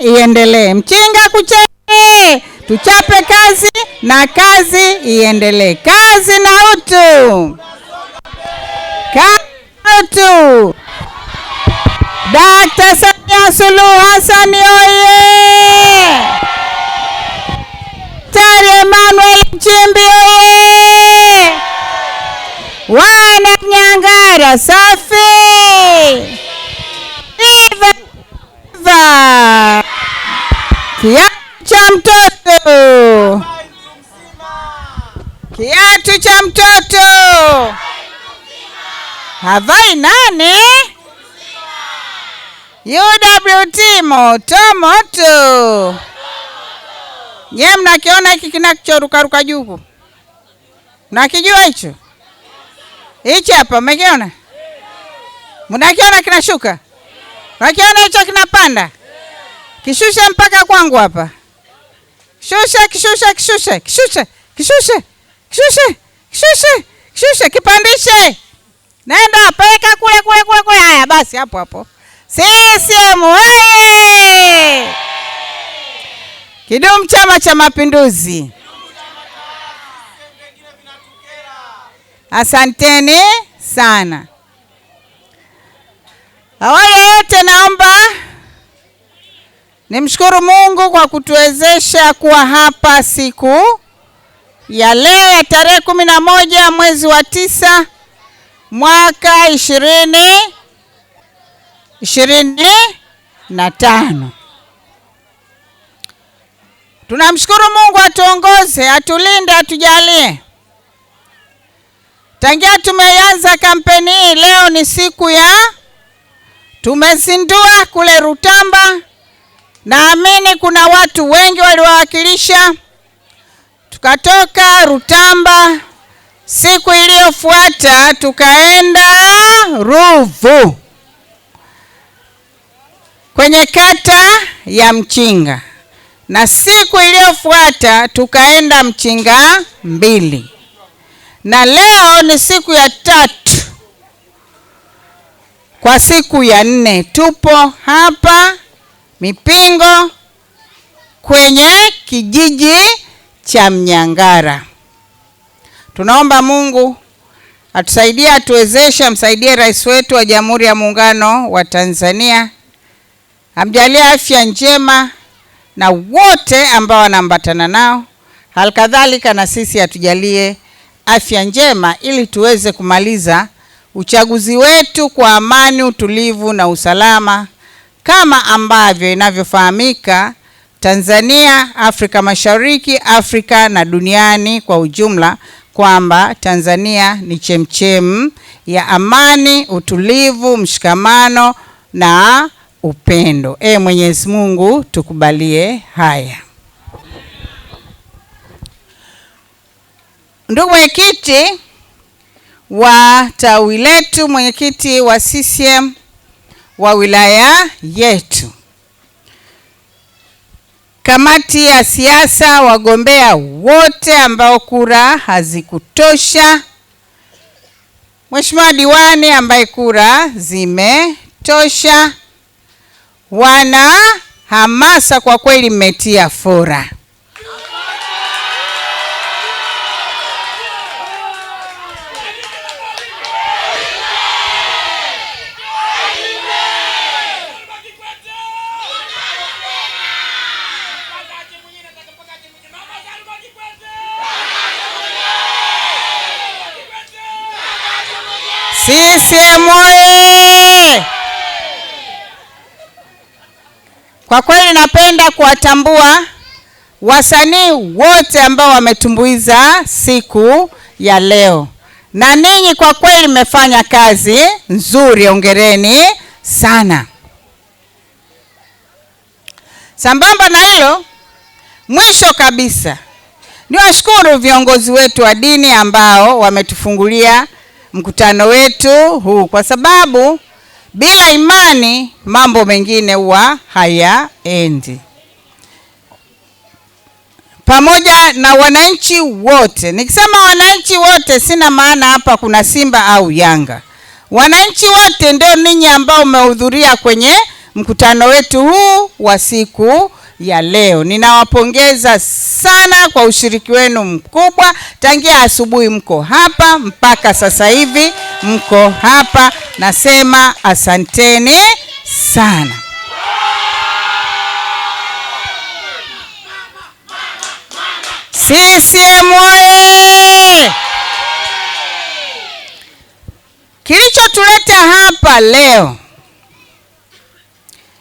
iendelee, mchinga kuchee, tuchape kazi na kazi iendelee. Kazi na utu, kazi na utu. Dakta Samia Suluhu Hassan oye! Daktari Emmanuel Nchimbi oye! Wana Nyangara safi! Viva! Viva! Kiatu cha mtoto, kiatu cha mtoto havai nani? UWT moto moto. Je, mnakiona hiki kinachorukaruka juu? Mnakijua hicho hichi hapa, mmekiona? Mnakiona kinashuka? Mnakiona hicho kinapanda? Kishushe mpaka kwangu hapa. Shushe, kishushe, kishushe, kishushe, kishushe, kishushe, kishushe, kishushe, kipandishe. Nenda peleka kule kule kule kule. Haya basi hapo hapo. CCM oye! Kidumu Chama cha Mapinduzi! Asanteni sana. Awali yote naomba Nimshukuru Mungu kwa kutuwezesha kuwa hapa siku ya leo ya tarehe kumi na moja mwezi wa tisa mwaka ishirini ishirini na tano. Tunamshukuru Mungu atuongoze, atulinde, atujalie. Tangia tumeanza kampeni hii, leo ni siku ya tumezindua kule Rutamba Naamini kuna watu wengi waliwawakilisha. Tukatoka Rutamba, siku iliyofuata tukaenda Ruvu kwenye kata ya Mchinga, na siku iliyofuata tukaenda Mchinga mbili, na leo ni siku ya tatu kwa siku ya nne tupo hapa Mipingo kwenye kijiji cha Mnyangara. Tunaomba Mungu atusaidie, atuwezeshe, amsaidie rais wetu wa Jamhuri ya Muungano wa Tanzania, amjalie afya njema na wote ambao wanaambatana nao, halikadhalika na sisi atujalie afya njema ili tuweze kumaliza uchaguzi wetu kwa amani, utulivu na usalama kama ambavyo inavyofahamika, Tanzania, Afrika Mashariki, Afrika na duniani kwa ujumla kwamba Tanzania ni chemchem ya amani, utulivu, mshikamano na upendo. E Mwenyezi Mungu tukubalie haya. Ndugu mwenyekiti wa tawi letu, mwenyekiti wa CCM wa wilaya yetu. Kamati ya siasa, wagombea wote ambao kura hazikutosha. Mheshimiwa diwani ambaye kura zimetosha. Wana hamasa kwa kweli, mmetia fora. CCM oye! Kwa kweli napenda kuwatambua wasanii wote ambao wametumbuiza siku ya leo, na ninyi kwa kweli mmefanya kazi nzuri, ongereni sana. Sambamba na hilo, mwisho kabisa, niwashukuru viongozi wetu wa dini ambao wametufungulia mkutano wetu huu, kwa sababu bila imani mambo mengine huwa hayaendi. Pamoja na wananchi wote, nikisema wananchi wote, sina maana hapa kuna Simba au Yanga. Wananchi wote ndio ninyi ambao mmehudhuria kwenye mkutano wetu huu wa siku ya leo. Ninawapongeza sana kwa ushiriki wenu mkubwa, tangia asubuhi mko hapa mpaka sasa hivi mko hapa, nasema asanteni sana. CCM oye! Kilichotuleta hapa leo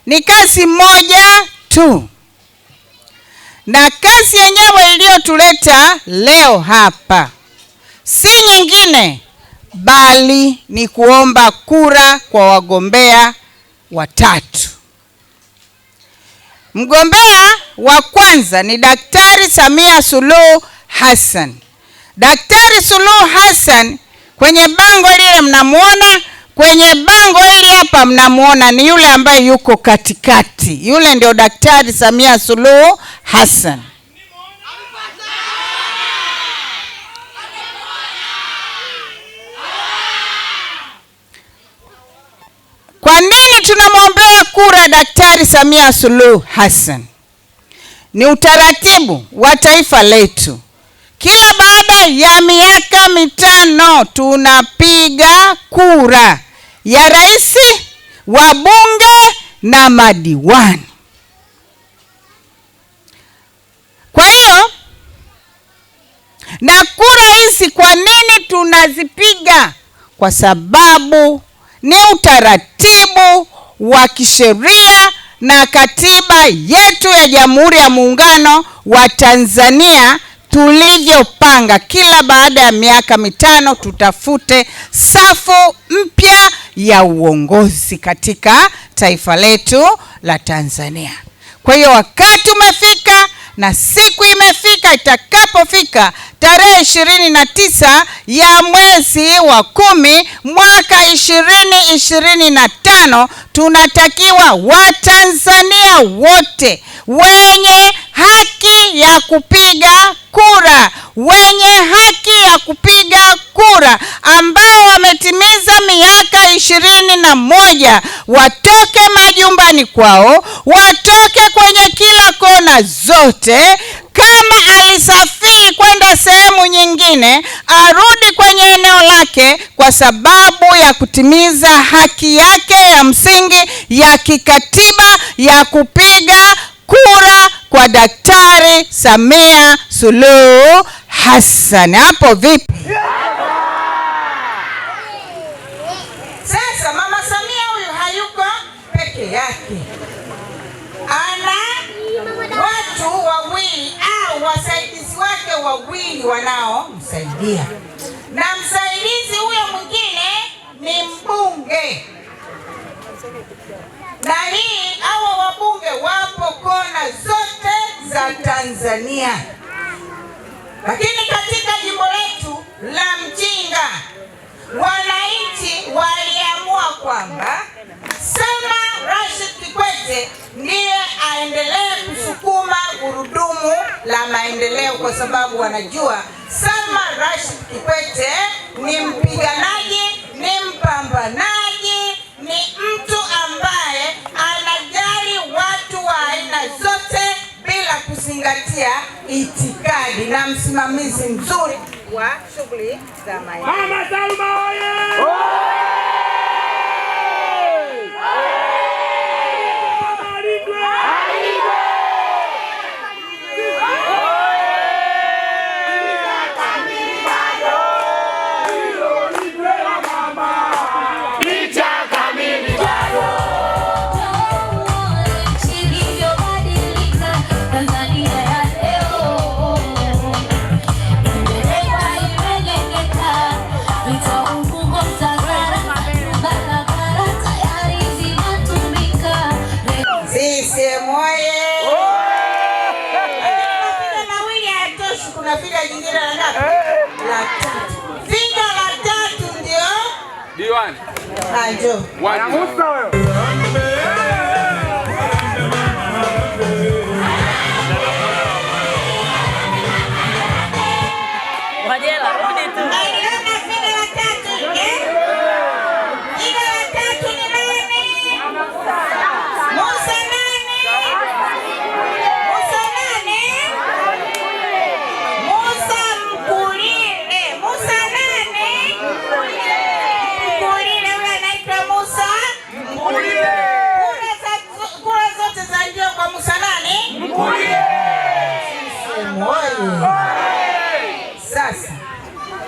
ni kazi moja tu na kazi yenyewe iliyotuleta leo hapa si nyingine bali ni kuomba kura kwa wagombea watatu. Mgombea wa kwanza ni Daktari Samia Suluhu Hassan. Daktari Suluhu Hassan, kwenye bango lile mnamwona Kwenye bango hili hapa mnamuona ni yule ambaye yuko katikati, yule ndio Daktari Samia Suluhu Hassan. Kwa nini tunamwombea kura Daktari Samia Suluhu Hassan? Ni utaratibu wa taifa letu. Kila baada ya miaka mitano tunapiga kura ya rais, wabunge na madiwani. Kwa hiyo na kura hizi kwa nini tunazipiga? Kwa sababu ni utaratibu wa kisheria na katiba yetu ya Jamhuri ya Muungano wa Tanzania tulivyopanga, kila baada ya miaka mitano tutafute safu mpya ya uongozi katika taifa letu la Tanzania. Kwa hiyo wakati umefika na siku imefika, itakapofika tarehe ishirini na tisa ya mwezi wa kumi mwaka ishirini ishirini na tano tunatakiwa Watanzania wote wenye haki ya kupiga kura wenye haki ya kupiga kura ambao wametimiza miaka ishirini na moja watoke majumbani kwao, watoke kwenye kila kona zote alisafiri kwenda sehemu nyingine, arudi kwenye eneo lake kwa sababu ya kutimiza haki yake ya msingi ya kikatiba ya kupiga kura kwa Daktari Samia Suluhu Hassan. Hapo vipi? watu wawili au wasaidizi wake wawili wanaomsaidia, na msaidizi huyo mwingine ni mbunge. Na hii hawa wabunge wapo kona zote za Tanzania, lakini katika jimbo letu la Mjinga la maendeleo, kwa sababu wanajua Salma Rashid Kikwete ni mpiganaji, ni mpambanaji, ni mtu ambaye anajali watu wa aina zote bila kuzingatia itikadi na msimamizi mzuri wa shughuli za maendeleo. Mama Salma oye! Nani? Ajo. Wanagusa huyo.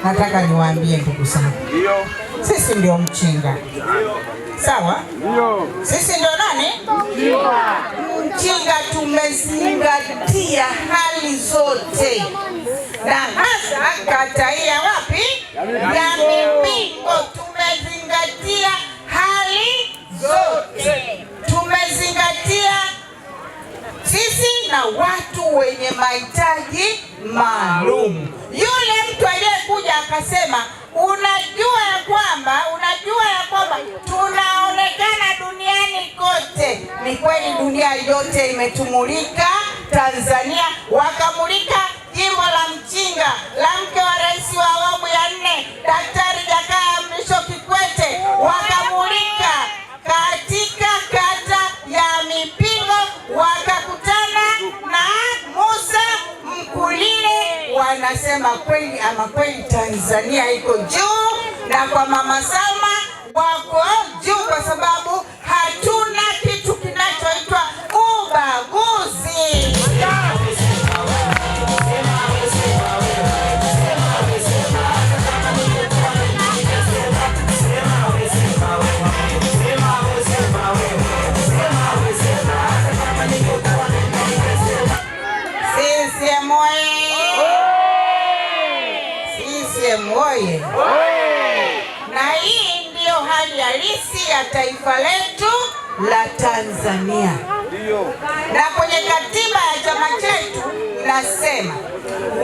nataka niwaambie ndugu zangu, sisi ndio mchinga, sawa? Sisi ndio nani? Mchinga. Tumezingatia hali zote na hasa kata hii ya wapi, ya Mipiko, tumezingatia hali zote, tumezingatia sisi na watu wenye mahitaji maalum yule mmoja akasema, unajua ya kwamba unajua ya kwamba tunaonekana duniani kote. Ni kweli dunia yote imetumulika Tanzania, wakamulika jimbo la Mchinga la mke wa rais wa awamu ya nne Daktari Jakaya Mrisho Kikwete wa kusema kweli, ama ah, kweli Tanzania iko juu na kwa Mama Salma wako juu kwa sababu oye! Na hii ndiyo hali halisi ya taifa letu la Tanzania. Na kwenye katiba ya chama chetu inasema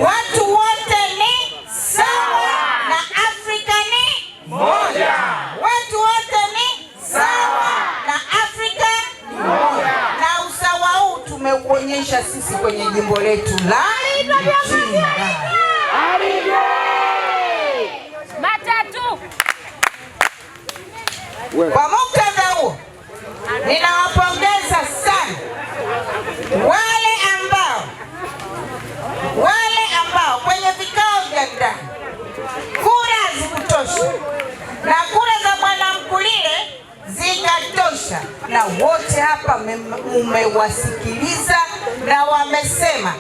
watu wote ni sawa na Afrika ni moja. Watu wote ni sawa na Afrika moja, na usawa huu tumeuonyesha sisi kwenye jimbo letu la Mchinga. Kwa muktadha huo, ninawapongeza sana wale ambao wale ambao kwenye vikao vya ndani kura zikutosha na kura za bwana Mkulile zikatosha, na wote hapa umewasikiliza na wamesema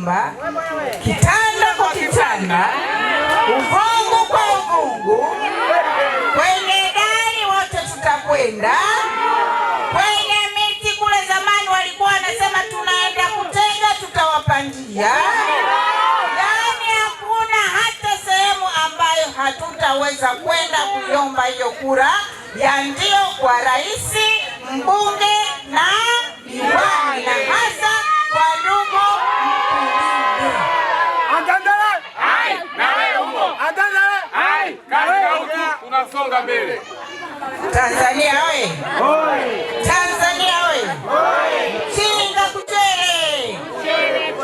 nyumba, kitanda kwa kitanda, uvungu kwa uvungu kwenye dari wote tutakwenda kwenye miti. Kule zamani walikuwa wanasema tunaenda kutenga tutawapandia. Yani hakuna hata sehemu ambayo hatutaweza kwenda kuiomba hiyo kura ya ndio kwa rais, mbunge na diwani na hasa kwa ndugu Tanzania oye! Tanzania oye! Chinga kuchere,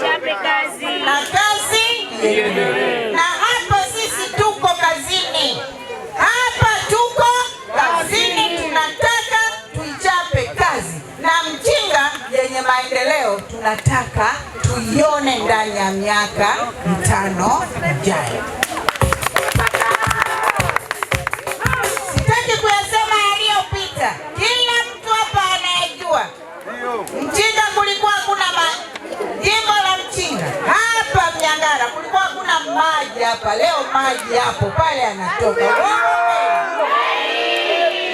chape kazi na kazi Na hapa sisi tuko kazini, hapa tuko kazini, tunataka tuichape kazi na Mchinga yenye maendeleo, tunataka tuione ndani ya miaka mitano ijayo. hapa leo, maji hapo pale yanatoka.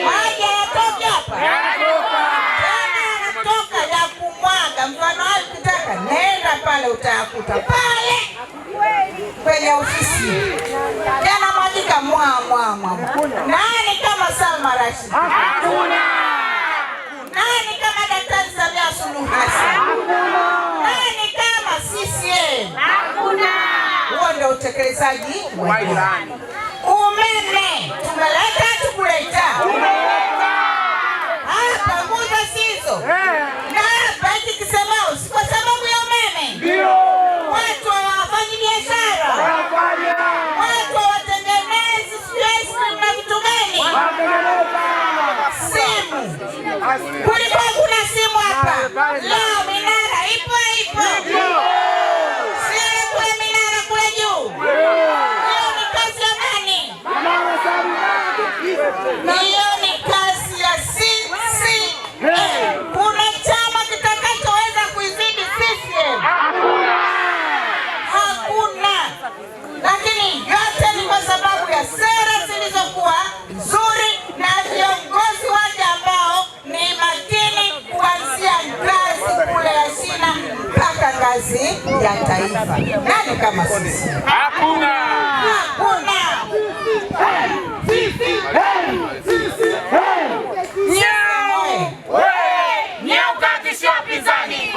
Maji yanatoka hapa tena, yanatoka ya kumwaga. Mfano hayo ukitaka nenda pale utayakuta pale kwenye ofisi tena, mwajika mwa. Nani kama Salma Rashid? Hakuna. Nani kama Daktari Samia Suluhu Hassan? Nani kama sisi hakuna. Huo ndio utekelezaji wa ilani. Umeme tumeleta, tukuleta hapa ah, nguzo sizo eh. na hapa hiki kwa sababu ya umeme ndio watu hawafanyi biashara, watu na nani kama sisi? Hakuna. Hakuna. Nyau. kakishia pinzani.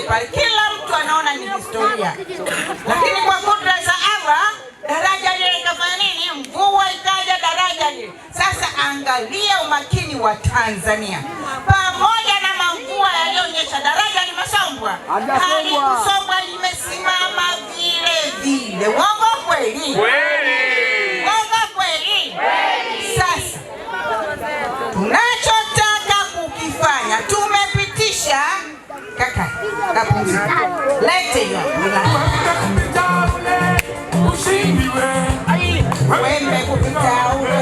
vile pale, kila mtu anaona ni historia, lakini kwa kudra za Allah daraja lile ikafanya nini? Mvua ikaja, daraja lile sasa. Angalia umakini wa Tanzania, pamoja na mavua yaliyoonyesha, daraja limesombwa, halikusombwa, limesimama vile vile. Wongo kweli? kabisa. Lete ushindi wewe, wembe kupita ule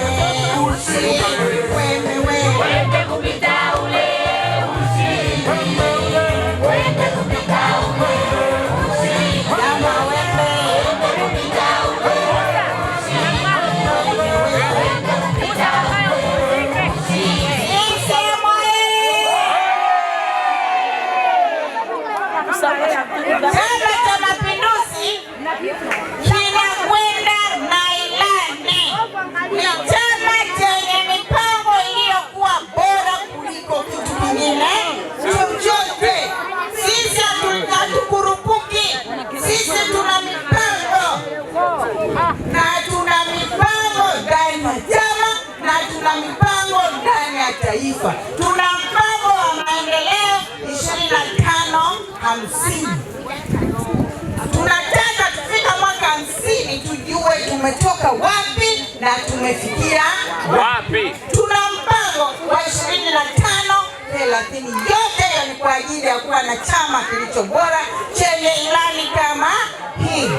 kuwa na chama kilicho bora chenye ilani kama hii.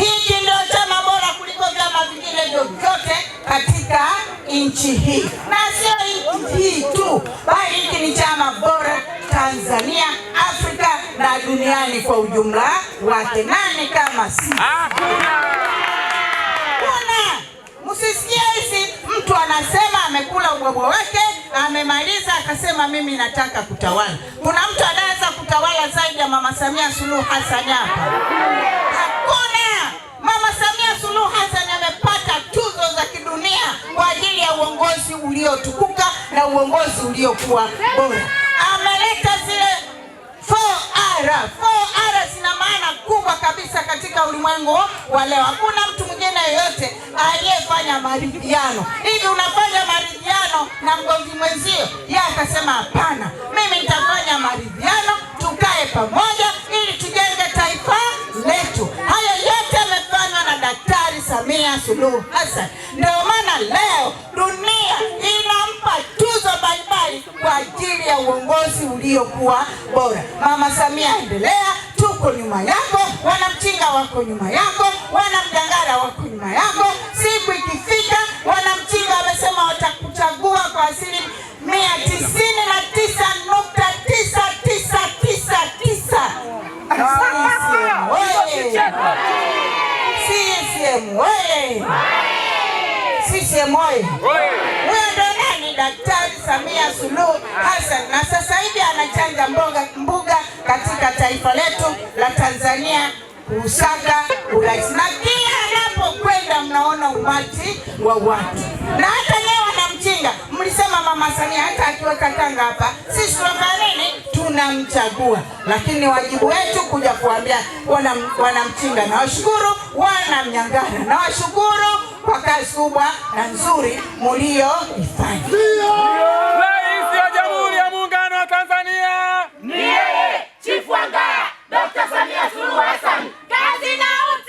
Hiki ndio chama bora kuliko vyama vingine vyovyote katika nchi hii, na sio nchi hii tu, bali hiki ni chama bora Tanzania, Afrika na duniani kwa ujumla wake. Nani kama si kuna msisikie, hizi mtu anasema amekula ubwabwa wake amemaliza akasema, mimi nataka kutawala. Kuna mtu anaweza kutawala zaidi ya mama Samia Suluhu Hassan hapa? Hakuna. Mama Samia Suluhu Hassan amepata tuzo za kidunia kwa ajili ya uongozi uliotukuka na uongozi uliokuwa bora, ameleta zile 4R. 4R zina maana kubwa kabisa katika ulimwengu wa leo. Hakuna mtu mwingine yoyote aliyefanya maridhiano hivi. Unafanya maridhiano na mgomvi mwenzio, yeye akasema hapana, mimi nitafanya maridhiano, tukae pamoja ili tujenge taifa letu. Hayo yote yamefanywa na Daktari Samia Suluhu Hassan, ndio maana leo ya uongozi uliokuwa bora. Mama Samia, endelea, tuko nyuma yako, wanamchinga wako nyuma yako, wanamdangara wako nyuma yako. Siku ikifika, wanamchinga wamesema watakuchagua kwa asilimia tisini na tisa nukta tisa tisa tisa tisa. CCM oye! CCM oye! Huyo ndo nani daktari? Samia Suluhu Hassan, na sasa hivi anachanja mboga mbuga katika taifa letu la Tanzania kusaga urais, na kila anapokwenda mnaona umati wa watu na hata leo maisha. Mlisema Mama Samia hata akiweka tanga hapa sisi nini tunamchagua, lakini wajibu wetu kuja kuambia wanamchinga wana na washukuru wanamnyangana na washukuru kwa kazi kubwa na nzuri mulioifanya. Rais wa Jamhuri ya Muungano wa Tanzania ni yeye Chifu angaya Dr. Samia Suluhu Hassan. Kazi na utu.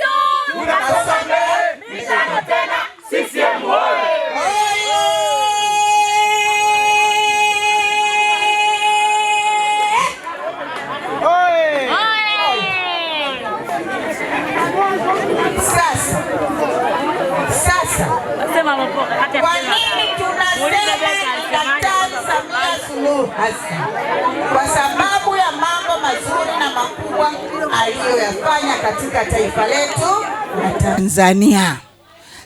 hasa kwa sababu ya mambo mazuri na makubwa aliyoyafanya katika taifa letu la Tanzania.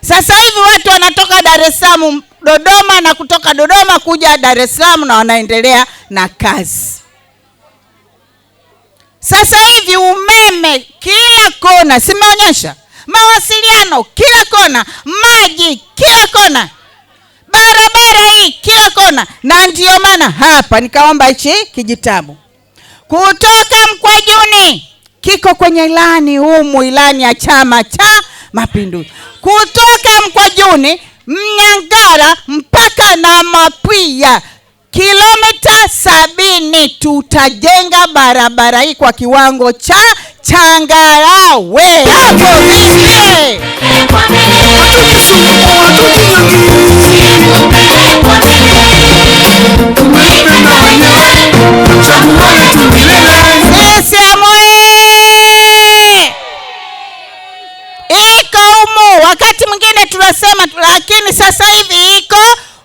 Sasa hivi watu wanatoka Dar es Salaam Dodoma, na kutoka Dodoma kuja Dar es Salaam na wanaendelea na kazi. Sasa hivi umeme kila kona, simeonyesha mawasiliano kila kona, maji kila kona barabara hii, kila kona. Na ndio maana hapa nikaomba hichi kijitabu kutoka Mkwajuni, kiko kwenye ilani humu, ilani ya Chama cha Mapinduzi kutoka mkwa kilomita sabini tutajenga barabara hii kwa kiwango cha changarawe akovile sisiamoye iko umu. Wakati mwingine tunasema, lakini sasa hivi iko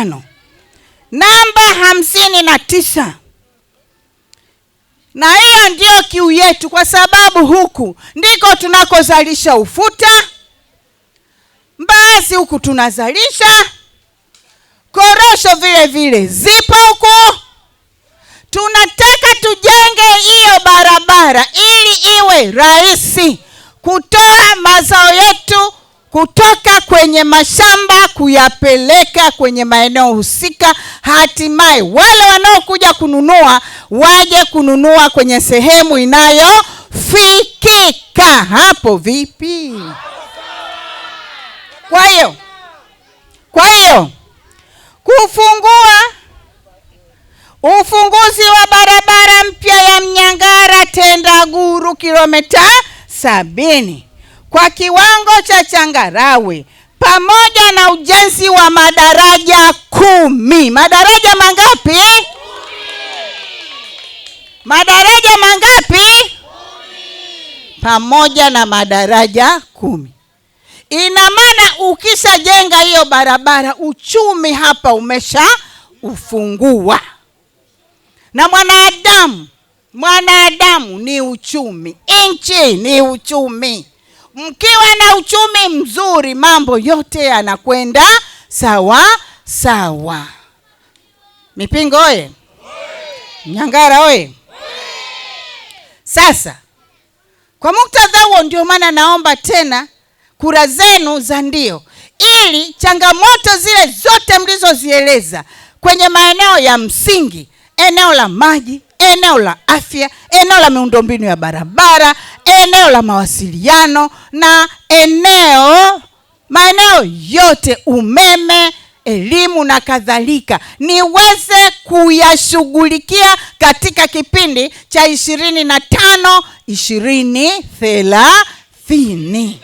tano namba hamsini na tisa na hiyo ndiyo kiu yetu, kwa sababu huku ndiko tunakozalisha ufuta. Mbaazi huku tunazalisha, korosho vile vile zipo huku. Tunataka tujenge hiyo barabara ili iwe rahisi kutoa mazao yetu kutoka kwenye mashamba kuyapeleka kwenye maeneo husika, hatimaye wale wanaokuja kununua waje kununua kwenye sehemu inayofikika. Hapo vipi? Kwa hiyo kwa hiyo kufungua ufunguzi wa barabara mpya ya Mnyangara Tendaguru kilomita sabini kwa kiwango cha changarawe pamoja na ujenzi wa madaraja kumi. Madaraja mangapi? Kumi. Madaraja mangapi? Kumi. Pamoja na madaraja kumi. Ina maana ukishajenga hiyo barabara, uchumi hapa umesha ufungua. Na mwanadamu, mwanadamu ni uchumi, nchi ni uchumi Mkiwa na uchumi mzuri, mambo yote yanakwenda sawa sawa. Mipingo oye! Mnyangara oye! Sasa kwa muktadha huo, ndio maana naomba tena kura zenu za ndio, ili changamoto zile zote mlizozieleza kwenye maeneo ya msingi, eneo la maji eneo la afya, eneo la miundombinu ya barabara, eneo la mawasiliano na eneo maeneo yote, umeme, elimu na kadhalika, niweze kuyashughulikia katika kipindi cha ishirini na tano ishirini thelathini.